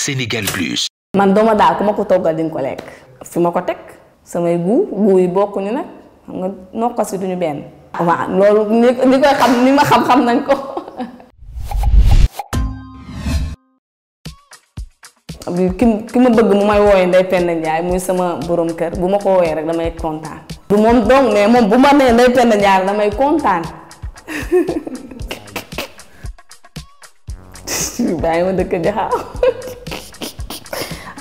Sénégal Plus. man doma da kuma ko togal din ko lek. fi ma ko teg samay gu guu yi bokkuñu nag xam nga nokkas yi duñu ben. Wa lolu ni ni koy xam ni ma xam-xam nañ ko. ki kim ma bëgg mu may woyé Ndeye Penda Ndiaye muy sama borom kër bu ma ko wooyee rek damay contane du mom dong mais mom bu ma nee Ndeye Penda Ndiaye damay contane bàyyi ma dëkk jaxaaw.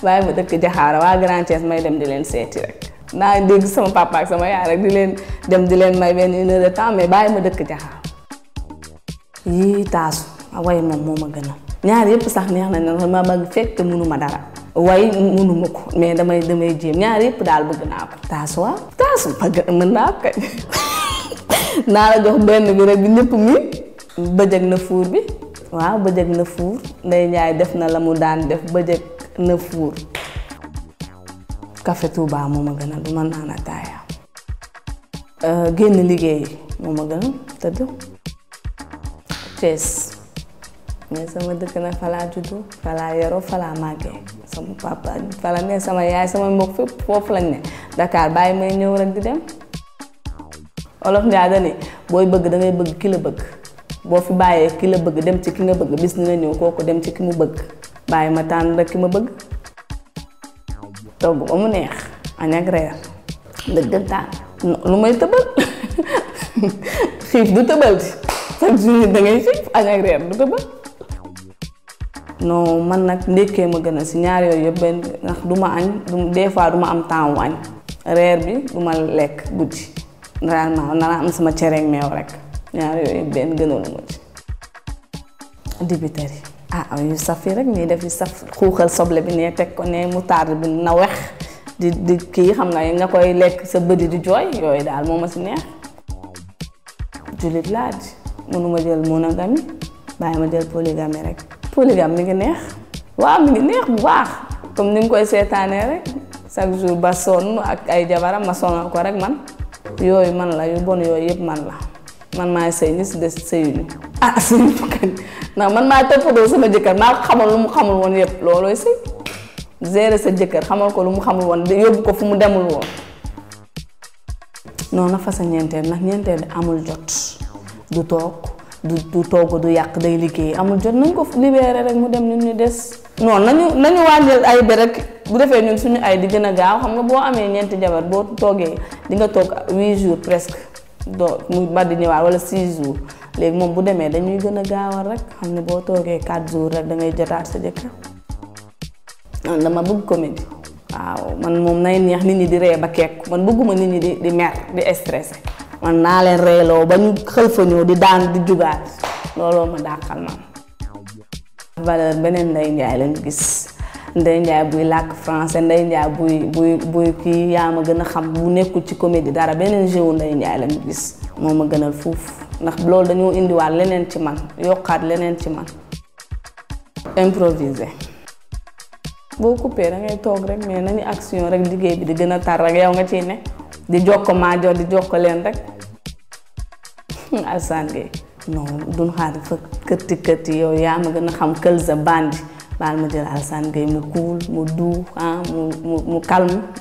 waye ma dëkk jaxaara wa Grand Thiès may dem di leen séti rek naa dégg sama papa ak sama yaay rek di leen dem di leen may benn une heure de temps mais bàyyi ma dëkk jaxaar yii taasu waye moom moo ma gënal ñaar yépp sax neex na ne ma bëgg fekk te mënuma dara way mënuma ko mais damay damay jéem ñaar yépp daal bëgg naa ko taasu waa taasu bëgg mën naa ko naa la jox benn bi rek bi ñëpp mi bëjëg na fuur bi waaw bëjëg na fuur ndey njaay def na la mu daan def bëjëg na kafe tuba baa moo ma gënal du taya naan eh, ataaya génn liggéey moo ma gënal tëdd Thiès mais sama de kana fala juddu fala yero fala màggee sama papa fala ne sama yaay sama mbok fépp fof lañ ne Dakar bàyyi may ñew rek di dem olof Njaay dani boy bëgg da ngay bëgg ki la bëgg bo fi baye ki la bëgg dem ci ki nga bëgg bis dina ñew koku dem ci ki mu bëgg bàyyi ma tànn rek ma bëgg togg ba mu neex añ ak reer dëggantaan lu may tëbal xiif du tëbal ci chaque jour da ngay xiif añ ak reer du tëbal non man nag ndékkee ma gën a si ñaar yooyu yëpp benn ndax du ma añ des fois du ma am temps wu reer bi du ma lekk guddi réellement nana am sama cereeg meew rek ñaar yooyu yëpp benn gënaluma ma ci dibiteri ah aw ah, yu saf yi rek ñuy def yu saf xuuxal soble bi nee teg ko ne moutarde bi na wex di di kii xam nga nga koy lekk sa bëdi di jooy yooyu daal moom ma si neex jullit laa di mënuma jël monogamie bàyyi ma jël polygamie rek polygame mi ngi neex waaw mi ngi neex bu baax comme ni nga koy seetaanee rek chaque jour ba son ak ay jabaram ma sonal ko rek man yooyu man la yu bon yooyu yëpp man la man maa sëy ñi si des sëyuñu ah sëy tukkan ndax man maa toppatoo sama jëkkër maa xamal lu mu xamul woon yëpp loolooy sëy gérer sa jëkkër xamal ko lu mu xamul woon yóbbu ko fu mu demul woon noonu na fasa ñeenteel ndax ñeenteel amul jot du toog du du du yàq day liggéey amul jot nañ ko libéré rek mu dem ñun ñu des non nañu nañu wàññil ay bi rek bu defee ñun suñu ay di gën a gaaw xam nga boo amee ñeenti jabar boo toogee di nga toog huit jours presque doo mu mat di ñëwaat wala six jours léegi moom bu demee dañuy gën a gaawal rek xam ne boo toogee 4 jours rek dangay ngay jotaat sa jëkkër man dama bëgg comédie waaw man moom nay neex nit ñi di ree ba kekku man bëgguma nit ñi di di mer di stressé man naa leen reeloo ba ñu xël fa ñëw di daan di jugaat looloo ma dàqal man valeur beneen nday njaay lañu gis Ndeye Ndiaye buy làkk français Ndeye Ndiaye buy buy kii yaam a gën a xam bu nekkul ci comédie dara beneen jeu wu Ndeye Ndiaye la ñu gis moo ma fuuf ndax loolu dañoo indiwaat leneen ci man yokkaat leneen ci man. improviser boo coupé da rek mais rek liggéey bi di gën a tar yow nga ciy ne di jokko maa di jokko leen rek Assane Gueye non duñ xaar fa këtti këtti yow yaa ma gën a xam kël sa bandi baal ma jël Alassane Gueye mu cool mu doux ah, mu mu mu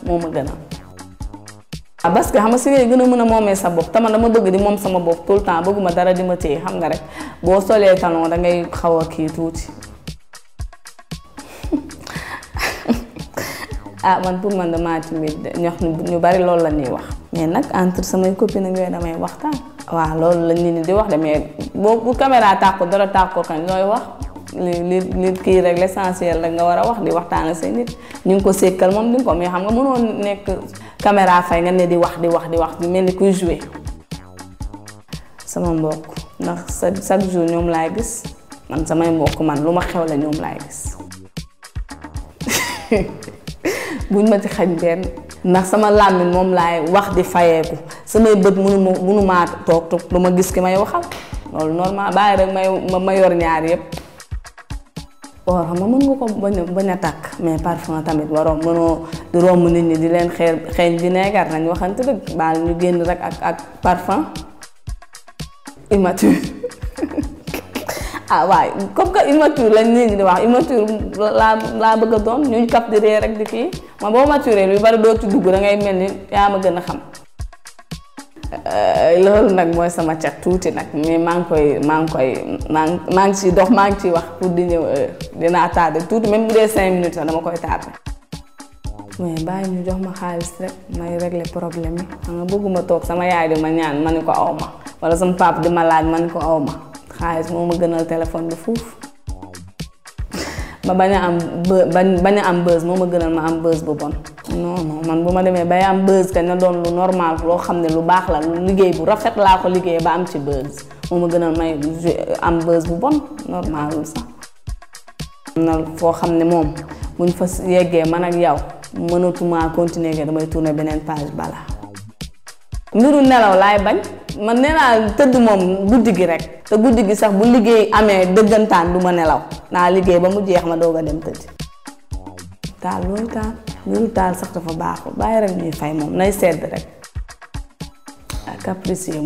moo ma gën a. Ah, parce que xam nga si ngay gën a mën a moomee sa bopp tama dama bëgg di moom sama bopp tout le temps bëgguma dara di ma téye xam nga rek boo solee talon da ngay xaw kii tuuti. ah man pour man damaa timide ñox ñu bari loolu la wax mais nag entre samay copine ak yooyu damay waxtaan waaw loolu la nit di wax de mais boo bu caméra tàkku dara tàkku kañ looy wax. li li li kii rek l'essentiel rek nga war a wax di waxtaan ak say nit ñu ngi ko sékkal moom di ko mais xam nga mënoo nekk caméra fay nga ne di wax di wax di wax di mel ni kuy jouer sama mbokk ndax chaque jour ñoom laay gis man samay mbokk man lu ma xew la ñoom laay gis buñ ma ci ndax sama làmmiñ moom laay wax di fayeeku samay bët mënuma mënumaa toog toog lu ma gis ki may waxal loolu normal bàyyi rek may ma yor ñaar yépp or xam nga mën nga ko bañ a bañ a takk mais parfois tamit waroon mënoo du romb nit ñi di leen xeer xeeñ vinaigre nañ waxante dëgg baal ñu génn rek ak ak parfum immature ah waay comme que immature lañ nit ñi di wax immature laa laa bëgg a doon ñu cap di ree rek di kii ma boo maturé lu bari doo ci dugg da ngay mel ni yaa ma gën a xam. Euh, loolu nag mooy sama cat tuuti nag mais maa ngi koy maa ngi koy maa ngi maa ngi ciy dox maa ngi ciy wax pour di ñëw euh, dinaa tardé tuuti même bu dee cinq minutes sax dama koy tardé. mais bàyyi ñu jox ma xaalis rek may régler problème yi xam nga bëgguma toog sama yaay di ma ñaan ma ni ko aw ma wala sama papa di ma laaj man ni ko aw ma xaalis moo ma gënal téléphone bi fuuf. ba bañ a am ba bañ am buzz moo ma gënal ma am buzz bu bon non non man bu ma demee bay am buzz kañ na doon lu normal loo xam ne lu baax la lu liggéey bu rafet laa ko liggéey ba am ci buzz moo ma gënal may am buzz bu bon normalul sax na foo xam ne moom buñ fa yeggee man ak yow mënatumaa continuer que damay tourner beneen page balaa nuru nelaw lay bañ man neena teud mom guddigi rek te guddigi sax bu liggey amé dëggantaan duma ma nelaw na liggey ba mu jeex ma doga dem teud taal lool taal mbiru taal sax dafa baaxul bàyyi rek ñuy fay mom nay sedd rek ah, capricieux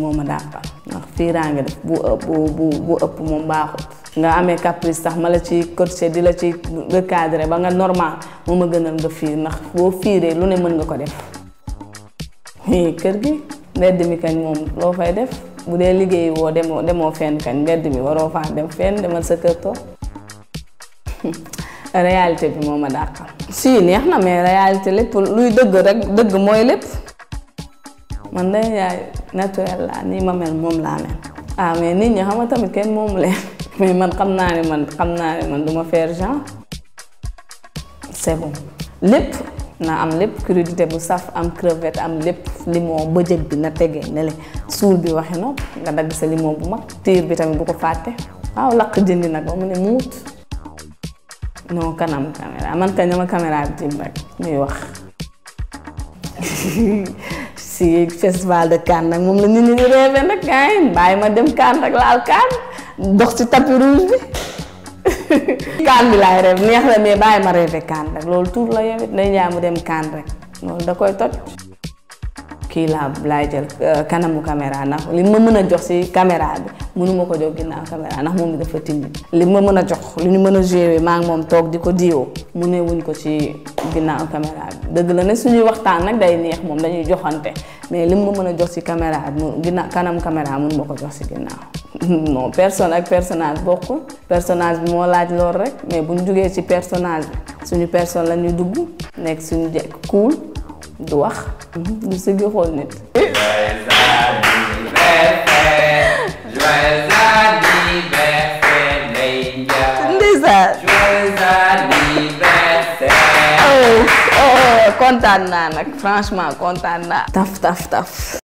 fi rangé def bu bu bu ëpp mom baaxul nga amé caprice sax ma ci coaché dila ci recadré ba nga normal moma gënal nga na nak bo fiiree lu ne mën nga ko def kër gi mbedd mi kañ moom loo fay def bu dee liggéey woo demoo demoo fenn kañ mbedd mi waroo faa dem fenn demal sa kër toog réalité bi moo ma dàqal si neex na mais réalité lépp luy dëgg rek dëgg mooy lépp man day yaay naturel laa nii ma mel moom laa mel ah mais nit ñi xam nga tamit kenn moomu leen mais man xam naa ne man xam naa ne man du ma faire genre c'est bon lépp na am lepp crudité bu saf am crevette am lepp limon bëjëg bi na tegee ne le suul bi waxe no nga dag sa limon bu mak tiir bi tamit bu ko faté waaw lakk jëndi nak mo ne non kanam caméra man kañ ñama caméra bi tim rek ñuy wax si festival de Cannes nak mom la nit ñi di rêvé nag gars ma dem Cannes rek laal Cannes dox ci tapis rouge bi kaan bi laay reef neex la mais bàyyi ma reefe kaan rek loolu tuur la yow it day njaay mu dem kaan rek loolu da koy toj kii laa laay jël euh, kanamu caméra ndax li ma mën a jox si caméra bi mënuma ko jox ginnaaw ndax moom dafa timide li ma mën a jox li ñu mën a joué maa ngi moom toog di ko diwoo mu ne ko ci ginnaaw bi dëgg la ne suñuy waxtaan nag day neex moom dañuy joxante mais li ma mën a jox si caméra bi mu ginnaaw kanam caméra mënuma ko jox si ginnaaw non personne ak personnage bokkul personnage bi moo laaj loolu rek mais bu ñu jugee ci personnage bi suñu personne la ñu dugg nekk suñu jekk cool du wax du sëggi xool nit oh, oh, oh, kontaan naa nag franchement kontaan naa. taf taf taf.